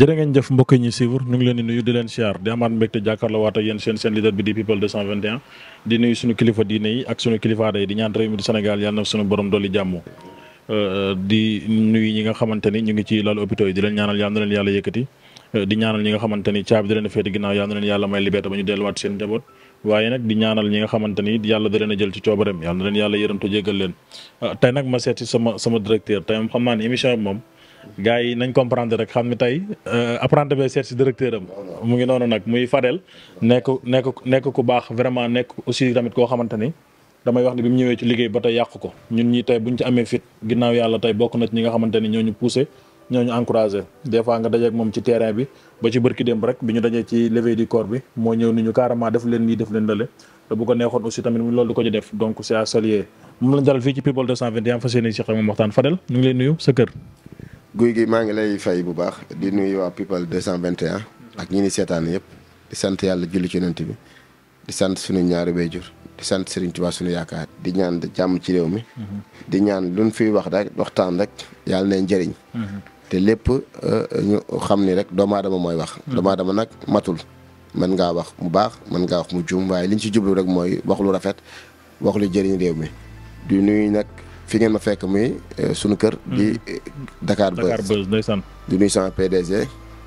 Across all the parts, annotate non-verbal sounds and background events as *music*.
jërë ngeen jëf mbokk yi ñuy suivre ñu ngi leen di nuyu di leen siyaar di amaat mbégte jàkkaarloo waat ak yéen seen leader bi di people 221 di nuyu suñu kilifa diine yi ak suñu kilifa aada yi di na suñu borom dolli euh, ñu ngi ci lalu hôpitaux yi di leen ñaanal yàlla na leen yàlla euh, ñi nga xamante caabi da leen a ginnaaw yàlla na leen yàlla may liberté ba ñu delluwaat seen njaboot waaye nag di ñaanal ñi nga xamante yàlla da leen a jël ci coobareem yàlla na leen yàlla yërëm te leen euh, tey nag ma seeti sama sama directeur tey moom gars yi nañ comprendre rek xam ni tey euh, apprenti bi seet si directeur am mu ngi noonu nag muy Fadel nekk nekk nekk ku baax vraiment nekk aussi tamit koo xamante ni damay wax ni bi mu ñëwee ci liggéey ba te yàq ko ñun ñi tey buñ ci amee fit ginnaaw yàlla tey bokk na ci ñi nga xamante ni ñoo ñu poussé ñoo ñu encouragé moom ci terrain bi ba ci bërki démb ñu dajee ci levée du corps bi moo ñëw ni ñu carrément def leen nii def leen lële te bu ko neexoon aussi tamit loolu du ko ci def donc c'est à saluer moom lañ dalal fii ci People 221 fas yéene si xam moom waxtaan Fadel ñu ngi lay nuyu guy gi maa ngi lay fay bu baax di nuyu waa people 221 ak ñi ni seetaan yëpp di sant yàlla julli ci yonent bi di sant suñu ñaari waajur di sant Serigne Touba suñu yaakaar di ñaan jàmm ci réew mi mhm. di ñaan luñ fiy wax rek waxtaan rek yàlla neen njëriñ mhm. te lépp euh, ñu xam ni rek doomu aadama mooy wax mhm. doomu aadama nag matul man ngaa wax mu baax man ngaa wax mu juum waaye liñ ci jublu rek mooy wax lu rafet wax lu jëriñ réew mi du nuyu nag fi ngeen ma fekk muy euh, sunu kër. Hmm. di euh, Dakar Buzz Dakar Buzz ndeysaan di nuyu sama PDG.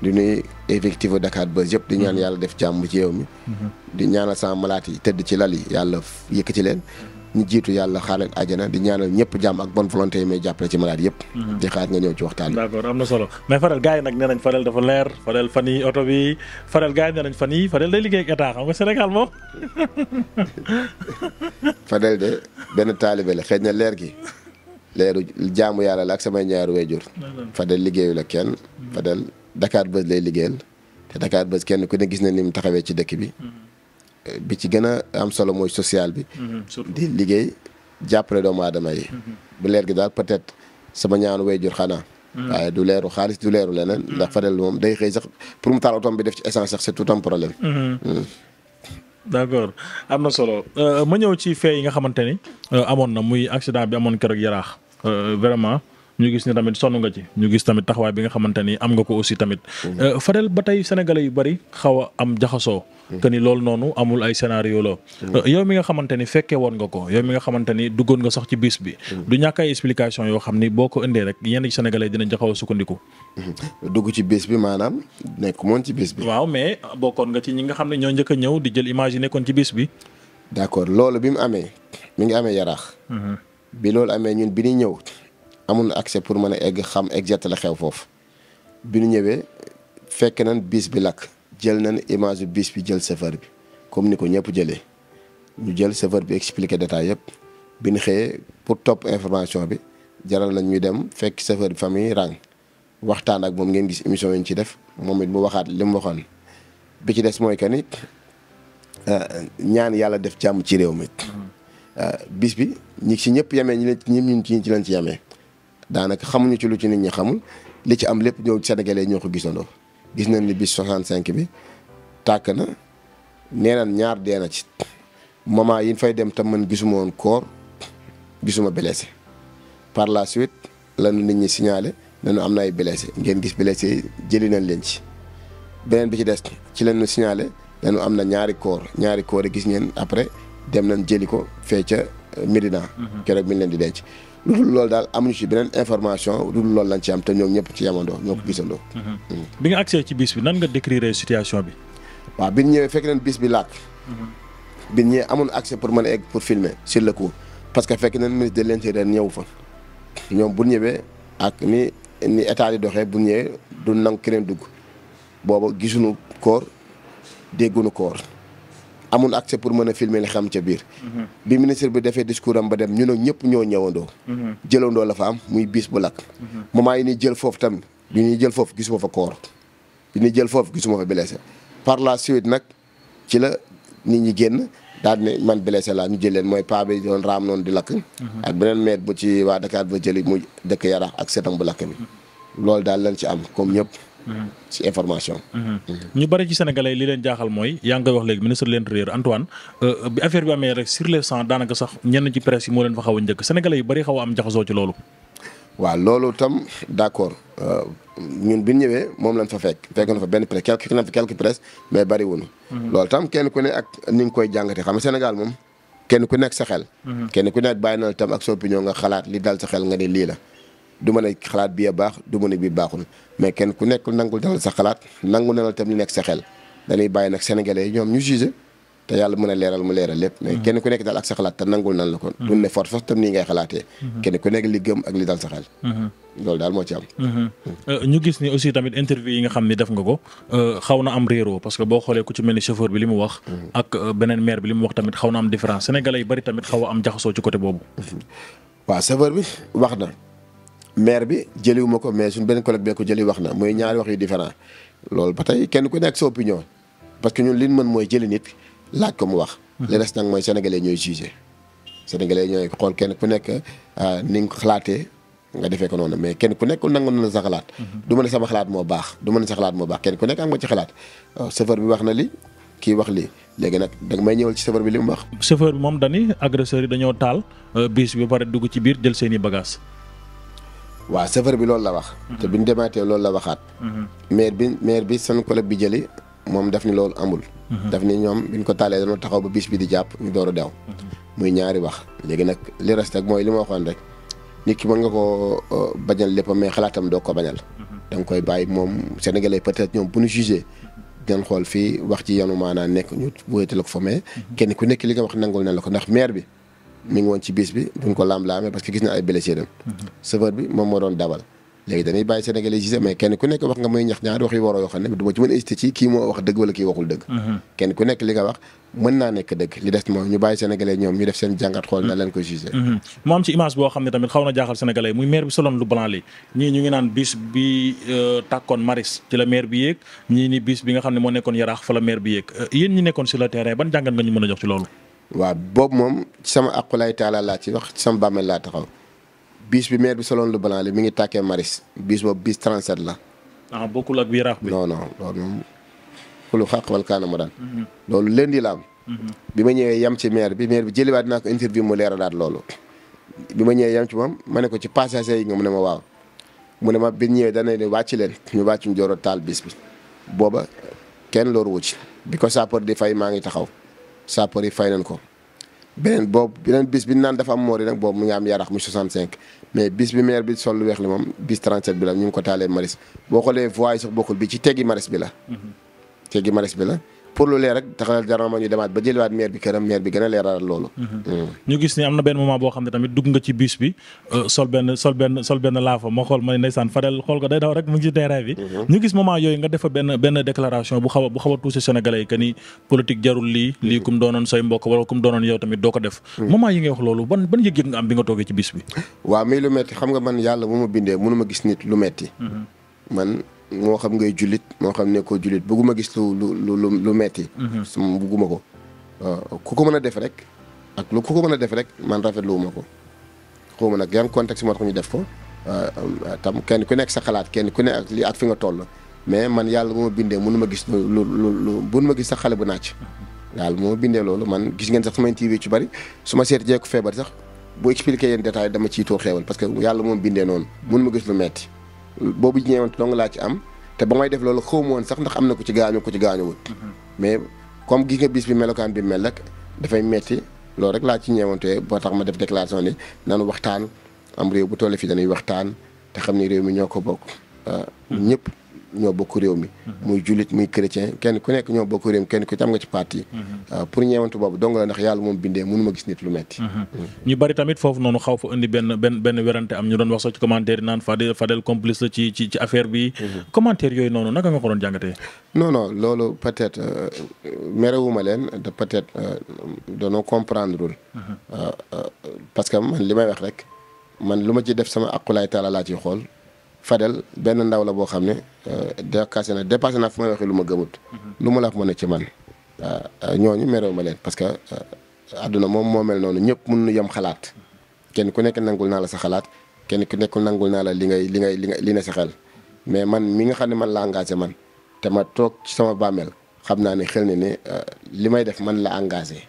di nuyu effectif Dakar Buzz yëpp di ñaan hmm. yàlla def jàmm ci yow mi. Hmm. di ñaanal sama malaat yi tëdd ci lal yi yàlla ci leen. ñu jiitu yàlla xaaral àjjana di ñaanal ñëpp jàmm ak bonne volonté yi may jàppale ci malade yëpp. Mhm. di xaar nga ñëw ci waxtaan bi. d'accord am solo mais Fadel gars yi nag nee nañ leer Fadel fan oto bi Fadel gars yi fan yii Fadel day liggéey ak état xam nga Sénégal moom. *laughs* Fadel de na leer gi leeru jaamu yàlla la ak samay ñaari waajur. Fadel liggéeyu la kenn. Mhm. Fadel Dakar Buzz lay liggéeyal te Dakar Buzz kenn ku ne gis na ni mu taxawee ci dëkk bi. Mhm. bi ci gën a am solo mooy social bi. Mhm, di liggéey jàppale doomu aadama yi. Mhm. bu leer gi daal peut-être sama ñaanu wayjur xanaa. Mhm. waaye du leeru xaalis du leeru leneen. ndax Fadel moom day xëy sax pour mu taal otoom bi def ci essence sax c'est tout un problème. Hmm. d'accord am na solo euh, ma ñëw ci fee yi nga xamante ni euh, amoon na muy accident bi amoon keroog yaraax euh, ñu gis ni tamit sonn nga ci ñu gis tamit taxawaay bi nga xamante am nga ko aussi tamit. Mm-hmm. Euh, Fadel ba tey sénégalais yu bari xaw a am jaxasoo. Mm-hmm. que ni loolu noonu amul ay scénario la. Mm-hmm. Euh, yow mi nga xamante ni woon nga ko yow mi nga xamante duggoon nga sax ci bis bi. du ñàkk ay explication yoo xam ni boo ko indee rek yenn ci sénégalais dinañ a sukkandiku. dugg ci bis bi maanaam nekk moon ci bis bi. waaw mais bokkoon nga ci ñi nga xam ne ñoo njëkk a ñëw di jël image yi nekkoon ci bis bi. d'accord loolu bi mu amee mi ngi amee yaraax. bi loolu amee ñun amul accès pour mën a egg xam exact la xew foofu bi ñu ñëwee fekk nañ bis bi lakk jël nañ image bis bi jël chauffeur bi comme ni ko ñëpp jëlee ñu jël chauffeur bi expliqué détail yëpp bi ñu xëyee pour topp information bi jaral nañ ñuy dem fekk chauffeur bi famille rang waxtaan ak moom ngeen gis émission yi ñu ci def moom it mu waxaat li mu waxoon bi ci des mooy que ni euh, ñaan yàlla def jàmm ci réew mi mm-hmm. euh, bis bi ñi si ñëpp yemee ñi leen ñi ñu ci lañ ci yemee. daanaka xamuñu ci lu ci nit ñi xamul li ci am lépp ñëw senegale ñoo ko gisandoo gis nañ ni bis 65 bi tàkk na nee naan ñaar dee ci moment yi ñu fay dem tam man gisuma woon koor gisuma blessé par la suite lañu nit ñi signalé nañu am na ay blessé ngeen gis blessé jëli nañ leen ci beneen bi ci des ci lañu signalé dañu am na ñaari koor ñaari koor yi gis ngeen après dem nañ jëli ko fee ca euh, Médina mhm. keroog mi leen di denc lu dul loolu daal amuñu ci beneen information lu dul loolu lañ ci am te ñoom ñëpp ci yamandoo ñoo ko gisandoo. Mhm. Mm. bi nga accès ci bis bi nan nga décrire situation bi. waaw bi ñu ñëwee fekk nañ bis bi laaj. Mhm. bi ñu ñëwee amul accès pour mën a egg pour filmer si le coup parce que fekk nañ ministre de l'intérieur ñëw fa ñoom bu ñëwee ak ni ni état di doxee bu ñëwee du nangu keneen dugg boobu gisuñu koor dégguñu koor. amul accès pour mën a filmer li xam ca biir. bi ministre bi defee discours am ba dem ñun ak ñëpp ñoo ñëwandoo. jëlandoo la fa am muy biis bu lakk. moment yi ñuy jël foofu tam yu ñuy jël foofu gisuma fa koor yu ñuy jël foofu gisuma fa blessé par la suite nag ci la nit ñi génn daal ne man blessé laa ñu jël leen mooy paa bi doon raam noonu di lakk. ak beneen maître bu ci waa Dakar ba jëli muy dëkk Yarax ak setam bu lakk bi. loolu daal lañ ci am comme ñëpp. ci information. Mhm. ñu bari ci sénégalais li leen jaaxal mooy yaa ngi koy wax léegi ministre de l'intérieur Antoine euh, bi affaire bi amee rek sur les daanaka sax ñenn ci presse yi moo leen fa xaw a njëkk sénégalais yu bari xaw a am jaxasoo ci loolu. waaw loolu tam d'accord euh, ñun bi ñu ñëwee moom lañ fa fekk fekk na fa benn presse na fa quelques presse mais mhm. tam kenn ku ne ak ni nga koy jàngatee xam nga Sénégal moom kenn ku nekk sa xel. Mhm. kenn ku nekk bàyyi na tam ak sa opinion nga xalaat li dal sa xel nga ne la. du ma xalaat bi a baax du ma ne bi baaxul mais kenn ku nekk nangul dalal sa xalaat nangu na la tam nekk sa xel dañuy bàyyi nag sénégalais ñoom ñu jugé a leeral mu leeral lépp mais mm-hmm. kenn ku nekk sa xalaat te nangul nan la kon mm-hmm. du ne force sax tam mm-hmm. euh, tamit interview yi nga xam ni def nga ko euh, xaw na am réeroo parce que boo xoolee ku ci mel ni chauffeur bi li mu wax ak euh, beneen maire bi li mu wax tamit xaw na am différence sénégalais yi bari tamit xaw a am jaxasoo ci côté boobu waaw chauffeur bi wax na maire bi jëliwuma ko mais suñ benn collègue bee ko jëli wax na mooy ñaari wax yu différent loolu ba tey kenn ku nekk sa opinion parce que ñu li ñu mën mooy jëli nit laaj ko mu wax. Hmm. li des mooy sénégalais ñooy jugé sénégalais ñooy xool kenn ku nekk ah, ni nga ko xalaatee nga defee ko mais kenn ku nekk na sa xalaat. Hmm. du ma ne sama xalaat moo baax du ma ne sa xalaat moo baax kenn ku nekk am nga ci xalaat oh, chauffeur bi wax na li kii wax li léegi nag danga may ñëwal ci chauffeur bi li mu wax. chauffeur bi moom dañuy agresseur yi dañoo taal euh, bis bi ba pare dugg ci biir jël seeni i waaw chauffeur bi loolu la wax. Mhm. te bi ñu demaatee loolu la waxaat. Mhm. maire bi maire bi seen collègue bi jëli moom daf ni loolu amul. Mhm. daf ni ñoom bi ñu ko taalee dañoo taxaw ba bis bi di jàpp ñu door a dew. ñaari wax léegi nag li mooy li ma waxoon rek nit ki mën nga koo euh, bañal léppam mais xalaatam doo ko bañal. da nga koy bàyyi moom sénégalais peut-être ñoom bu ñu jugé. dinañ xool fii wax ci yanu maanaa nekk ñu wóoyatale ko fa mais kenn ku nekk li nga wax nangul na la ko ndax maire bi. mi ngi woon ci bis bi duñ ko laam-laamee parce que gis na ay blessé dem chauffeur bi moom moo doon dabal léegi dañuy bàyyi Sénégalais yi mais kenn ku nekk a hésité ci kii moo wax mhm. li nga wax mën naa nekk dëgg ñu def seen jàngat xool na leen ko jugé mhm. mu am ci image boo xam ne tamit xaw na jaaxal sénégalais muy maire bi soloon lu blanc li ñu ngi naan bis bi euh, tàkkoon maris ci la maire bi yéeg ñii ni bis bi nga xam ne moo nekkoon yaraax fa la maire bi yéeg euh, yéen ñu mën waaw boobu moom sama aqulay taala laa ci wax sama bàmmeel laa taxaw biis bi maire bi soloon lu blanc li mi ngi tàkkee maris biis boobu biis 37 la. ah bokkul ak bii raax bi. non non loolu moom xulu xaq wal kaana ma daal. Mhm. loolu lundi la am. Mhm. bi ma ñëwee yam ci maire bi maire bi jëliwaat naa ko interview mu leeralaat loolu. bi ma ñëwee yam ci moom ma ne ko ci passager yi nga mu ne ma waaw mu ne ma bi ñëwee dana ne wàcc leen ñu wàccum jooro taal bis bi booba kenn loru ci bi ko sapeur di fay maa ngi taxaw. sapeur yi fay nañ ko beneen boobu beneen bis bi naan dafa am moori nag boobu mu ngi am yarax mu 65 mais bis bi maire bi sol lu weex li moom bis 37 bi la ñu ngi ko taalee maris boo xoolee voie yi sax bi ci teggi maris bi la mhm. teggi maris bi la pour lu leer rek taxal jarama ñu demaat ba jëliwaat maire bi këram maire bi gën a leeral loolu. Mhm. Mm. ñu gis ni am na benn moment boo xam ne tamit dugg nga ci bus bi euh, sol benn sol benn sol benn ma xool ma ne ndeysaan Fadel xool ko mhm. a a touché sénégalais yi que mhm. ko def. moment yi wax loolu ban ban yëg-yëg nga am bi nga toogee ci bis bi. waaw mais lu metti xam nga man yàlla bu ma bindee mënu gis nit lu metti man moo xam ngay jullit moo xam ne ko jullit bëgguma gis lu lu lu lu metti sama mhm. bëgguma ko ku ko mën a def rek ak lu ku ko mën a def rek man rafetluwuma ko xawma nag yan contexte moo tax ñu def ko tam kenn ku nekk sa xalaat kenn ku ne ak li ak fi nga toll mais man yàlla bu bindee mënu ma gis lu lu bu ma gis sax xale bu naaj. yàlla bu ma bindee loolu man gis ngeen sax samay TV ci bari su ma seet jeeku feebar sax bu expliqué yeen détail dama ciy too parce que yàlla moom bindee noonu mënu ma gis lu metti boobu ñeewante dong laa ci am te ba may def loolu xaw ma sax ndax am na ko ci gaañu ko ci gaañuwut mm-hmm. mais comme gis nga bis bi melokaan bi mel rek dafay metti loolu rek laa ci ñeewante boo tax ma def déclaration ni nanu waxtaan am réew bu toll fii dañuy waxtaan te xam ni réew mi ñoo ko bokk. Ah, mm-hmm. ñëpp. ñoo bokku réew mi. Mhm. muy jullit muy chrétien kenn ku nekk ñoo bokk réew mi kenn ku ci am nga ci parti. Mhm. Ah, pour ñeewantu boobu dong la ndax yàlla moom bindee mënu ma gis nit lu metti mhm. mm. ñu bari tamit foofu noonu xaw fa indi benn benn benn werante am ñu doon wax sax ci commentaire yi naan Fadel Fadel complice la ci ci ci affaire bi. commentaire yooyu noonu naka nga ko doon jàngatee. non non loolu peut-être euh, merewuma leen de peut-être euh, danoo comprendre ah, ah, parce que man li may wax rek man lu ma ci def sama aqulaay laa ciy xool. Fadel benn ndaw la boo xam ne euh, dépassé na dépassé naa fi may waxee lu ma gëmut. Mhm. lu ma la mën a ci man euh, euh, ñooñu merew ma leen parce que àdduna moom moo mel noonu ñëpp mën nu yem xalaat kenn ku nekk nangul naa la sa xalaat kenn ku nekk nangul naa la li ngay li ngay li nga li ne sa xel mais man mi nga xam ne man la engagé man te ma toog sama bàmmeel xam naa ne xel ni ne li may def man la engagé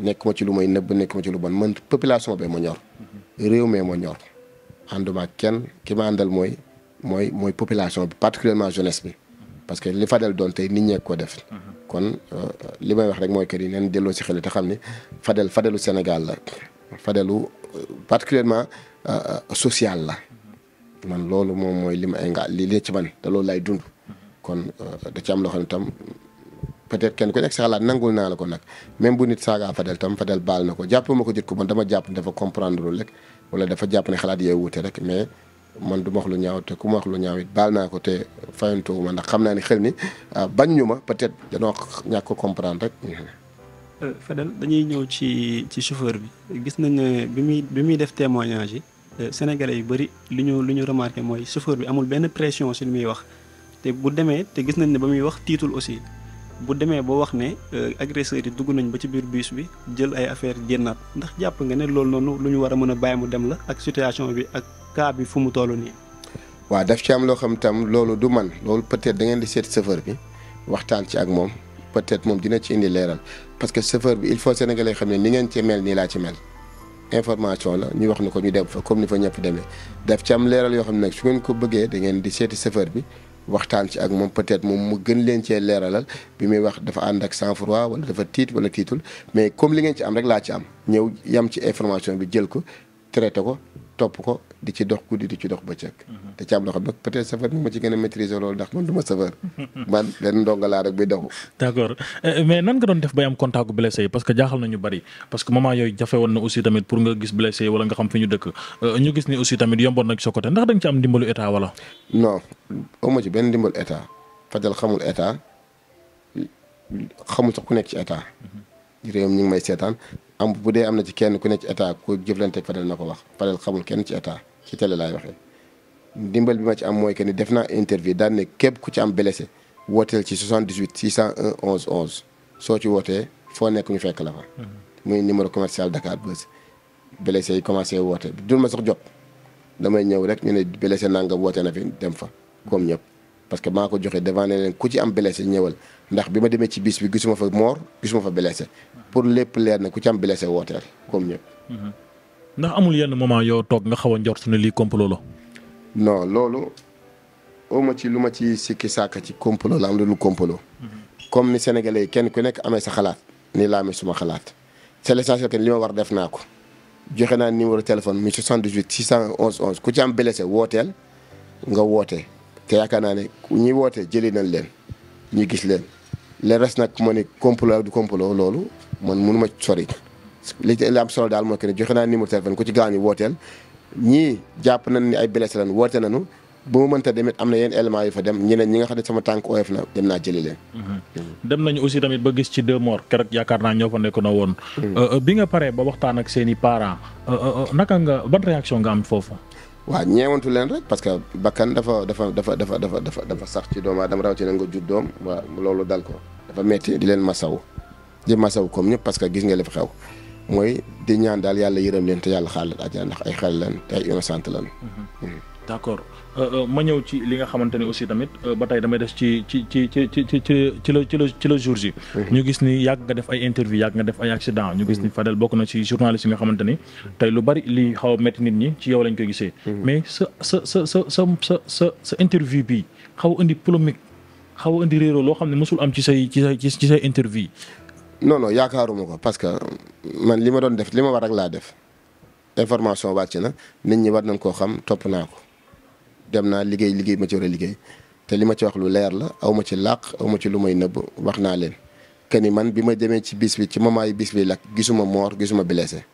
nekk ma ci lu may nëbb nekk ci lu bon man population bee ma ñor mhm. réew mee ma ñor. ànduma ak kenn ki ma àndal mooy mooy mooy population bi particulièrement jeunesse bi parce que li Fadel doon tey nit ñee ko def. kon euh, li may wax rek mooy que yi leen delloo si xel te xam ni Fadel Fadelu Sénégal la Fadelu euh, particulièrement euh, social la man loolu moom mooy li ma ay li li ci man te loolu lay dund kon da ci am loo xam ne peut-être kenn ku nekk sa xalaat nangul naa la ko nag même bu nit saagaa Fadel tam Fadel baal na ko jàppuma ko jët ko man dama jàpp ne dafa comprendre rek wala dafa jàpp ne xalaat yee wuute rek mais man du ma wax lu ñaaw te ku ma wax lu ñaaw it baal naa ko te fayantoo ma ndax xam naa ni xel ni ah, bañ ñu ma peut-être danoo ñàkk ko comprendre rek. Euh, Fadel dañuy ñëw ci ci chauffeur bi gis nañ ne bi muy bi muy def témoignage yi euh, Sénégalais yu bëri lu ñu lu ñu remarqué mooy chauffeur bi amul benn pression si muy wax te bu demee te gis nañ ne ba muy wax tiitul aussi. bu demee ba wax ne euh, agresseurs yi dugg nañ ba ci biir bus bi jël ay affaire génnaat ndax jàpp nga ne loolu noonu lu ñu war a mën a bàyyi mu dem la ak situation bi ak cas bi fu mu toll nii. waa daf ci am loo xam tam loolu du man loolu peut-être da ngeen di seet chauffeur bi waxtaan ci ak moom peut-être moom dina ci indi leeral parce que chauffeur il faut sénégalais xam ne ni ngeen ci mel nii laa ci mel. information la ñu wax ni ko ñu dem fa comme ni fa ñëpp demee daf ci am leeral yoo xam ne su ngeen ko bëggee da ngeen di seeti chauffeur bi. waxtaan ci ak moom peut-être moom mu gën leen cee leeralal bi muy wax dafa ànd ak sang-froid wala dafa tiit wala tiitul mais comme li ngeen ci am rek laa ci am ñëw yam ci information bi jël ko traité ko topp ko di ci dox guddi di ci dox bëccëg mhm. te ci am ci gën a mhm. laa rek bi eh, eh, nan nga doon def bay am contact que na aussi tamit pour nga gis blessé yi wala nga xam euh, ni aussi tamit yomboon nag sa côté ndax da ku nekk ci état mhm. ñu ngi may seetaan am bu dee am na ci kenn ku nekk ci état ku jëflanteeg Fadel na ko wax Fadel xamul kenn ci état ci télé laay waxee dimbal bi ma ci am mooy que ni def naa interview daan ne képp ku ci am blessé wooteel ci 78 601 11 11 soo ci wootee foo nekk ñu fekk la fa. Mm-hmm. muy numéro commercial Dakar Buzz. blessé yi commencé woote dul ma sax jot damay ñëw rek ñu ne blessé nangam woote na fi dem fa comme ñëpp. parce que maa ko joxe devant leen ku ci am blessé ñëwal ndax bi ma demee ci bis bi gisuma fa moor gisuma fa blessé mm-hmm. pour lépp leer na ku ci am blessé wooteel comme ñëpp. Mm-hmm. ndax amul yenn moment yow toog nga xaw a su ne lii complot la. non loolu ma ci lu ma ci sikki saaka ci complot la am lu dul complot. comme ni sénégalais yi kenn ku nekk amee sa xalaat. ni laa amee suma xalaat. c'est l'essentiel que li ma war def naa ko. joxe naa numéro téléphone mi 78 611 11 ku ci am blessé wooteel nga woote te yaakaar naa ne ñi wootee jëli nañ leen ñu gis leen le res nag ma ne complot du complot loolu man mënu ma sori. li li am solo daal mooy que ne joxe naa numéro téléphone ku ci gaañu wooteel ñii jàpp nañ ni ay blessé lañ woote nañu bu mu mënta demit am na yenn éléments yu fa dem ñeneen ñi nga xam ne sama tànk oyof na dem naa leen. Mhm. dem nañu aussi tamit ba gis ci deux morts keroog yaakaar naa ñoo fa nekk na woon. Hmm. Euh, euh, bi nga paree ba waxtaan ak seeni i parents euh, naka nga ban réaction nga am foofu. waaw ñeewantu leen rek parce que bakkan dafa dafa dafa dafa dafa dafa dafa sax ci doom dama rawatina nga jur doom waaw loolu dal ko dafa metti di leen masaw di masaw comme ñëpp parce que gis nga li fa xew. mooy di ñaan daal yàlla yërëm leen te yàlla xaar leen àjjana ndax ay xel lan te ay innocent lan mhm. d'accord euh, euh, ma ñëw ci li nga xamante ne aussi tamit euh, ba tey damay des ci ci ci ci ci ci ci la ci jour ji mhm. ñu gis ni yàgg nga def ay interview yàgg nga def ay accident ñu gis ni mhm. Fadel bokk na ci journaliste yi nga xamante ni tey lu bari li xaw a nit ñi ci yow lañ koy gisee mais sa sa sa sa sa sa sa sa interview bi xaw a indi polémique xaw a indi réeroo loo xam ne mosul am ci say ci say ci say interview non yaakaaruma ko parce que euh, man li ma doon def li ma war rek laa def information wàcc na nit ñi war nañ koo xam topp naa ko dem naa liggéey liggéey ma ci war a liggéey te li ma ci wax lu leer la aw ma ci làq aw ma ci lu may nëbb wax naa leen que ni man bi ma demee ci bis bi ci moment yi bis bi gisuma moor gisuma blessé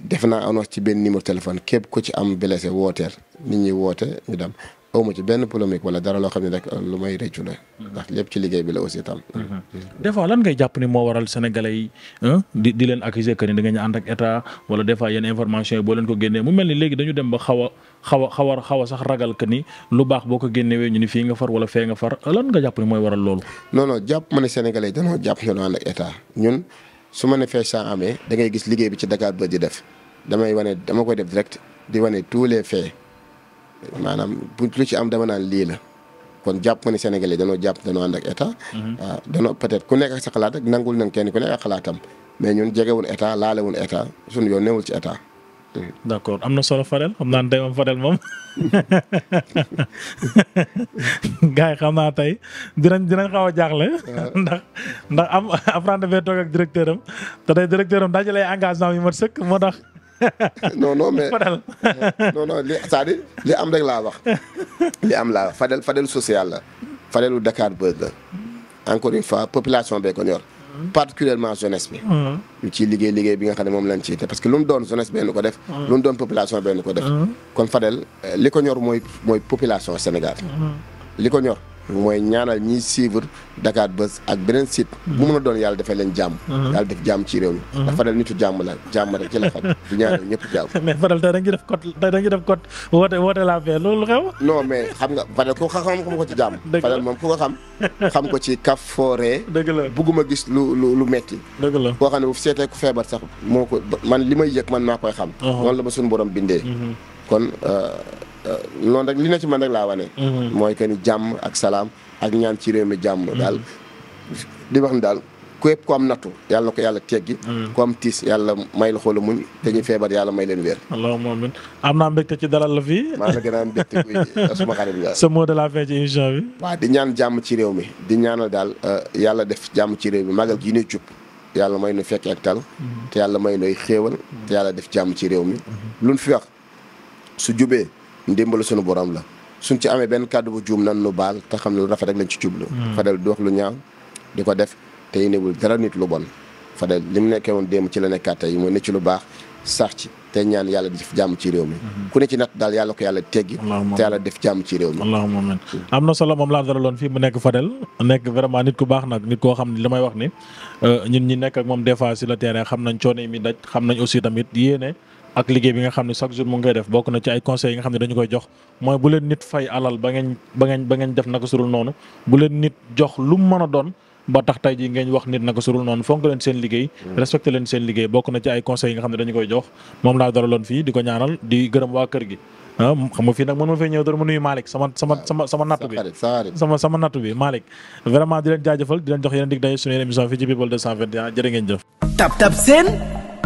def naa annonce ci benn numéro téléphone képp ku ci am blessé wooteel nit ñi woote ñu dem awma ci benn polémique wala yenn information yi boo leen ko a a a a sax boo ko génnewee ñu ni fii nga far wala fee nga far lan nga jàpp ni mooy waral loolu. non jàpp ma ne sénégalais dañoo jàpp ne ànd amee da ngay gis liggéey bi ci Dakar ba di def damay wane dama koy def di wane tous les maanaam bu lu ci am dama naan lii la kon jàpp ma ni Sénégalais danoo jàpp danoo ànd ak état. waaw mhm. ah, danoo peut-être ku nekk ak sa xalaat nangul nañ kenn ku nekk xalaatam mais ñun jegewun état laalewun état suñu yoon newul ci état. d' am na solo Fadel xam naa ne tey moom Fadel moom *laughs* gars yi xam xaw a jaaxle. ndax ndax am apprenti bee toog ak directeur te tey directeur am daa jëlee engagement yu mat sëkk moo tax. *laughs* non non mais *laughs* *laughs* non non li am rek laa wax li am laa wax Fadel social la Fadelu Dakar Buzz la encore une fois population bee ko ñor particulièrement jeunesse bi mm-hmm. ñu ciy liggéey liggéey bi nga xam ne moom lañ ci te parce que lu mu doon jeunesse benn ko def mm-hmm. lu mu doon population benn ko def mm-hmm. kon fadeel eh, li ko ñor mooy mooy population Sénégal li ko ñor mooy ñaanal ñiy suivre Dakar Buzz ak beneen site bu mën a doon yàlla defee leen jàmm uh-huh. yàlla def jàmm ci réew mi ndax uh-huh. Fadel nitu jàmm la jàmm rek ci la *laughs* *laughs* da ngi def code tey da ngi def la paix xew non mais xam nga Fadel *laughs* ko xam xam ko ci kaf fooree bugguma gis lu lu lu metti dëgg la koo xam ne bu seetee ku feebar sax moo ko man li may yëg man maa koy xam uh-huh. noonu la ma suñu borom bindee mm-hmm. kon euh, loolu euh, rek li na ci man rek laa wane. Mhm. mooy que ni jàmm ak salaam ak ñaan ci réew mi jàmm. daal di wax ni daal képp ko am nattu yàlla ko yàlla teggi. Mhm. ku am tiis yàlla may la xoola muñ te ñu feebar yàlla may leen wér. allahumma amin am naa mbégte ci dalal la fii. a am mbégte kuy *laughs* suma xarit bi de la fin ci émission bi. di ñaan jàmm ci réew mi di ñaanal daal euh, yàlla def jàmm ci réew mi magal gi ñuy jub. yàlla may nu fekk ak tal mhm. te yàlla may nuy xéewal te yàlla def jàmm ci réew mi luñ fi wax su jubee ndimbalu suñu borom la suñ ci amee benn kàddu bu juum nan nu baal te xam ne lu rafet rek lañ ci jublu. Hmm. Fadel du wax lu ñaaw di ko def te yéenewul nit lu bon Fadel li nekkee woon démb ci la nekkaat tey mooy ne ci lu baax sax ci te ñaan yàlla def jàmm ci réew mi. Hmm. ku ne ci nat daal yàlla ko yàlla teggi. te yàlla def jàmm ci réew mi. allahumma amin am na solo moom laa loon fii mu nekk Fadel nekk vraiment nit ku baax nag nit koo xam ne li may wax ni euh, ñun ñi nekk moom des fois sur le terrain xam nañ coono yi muy daj xam nañ aussi tamit yéene ak liggéey bi nga xam ne chaque jour mu ngi koy def bokk na ci ay conseils yi nga xam ne dañu koy jox mooy bu doon ba fii di ko ñaanal di gërëm waa kër gi ah fii nag mën fee ñëw dara ma nuyu Malick sama natt bi sama natt bi Malick vraiment di leen jaajëfal di leen jox yeneen dig day suñu émission fii ci People 221 jërë ngeen jëf tap tap seen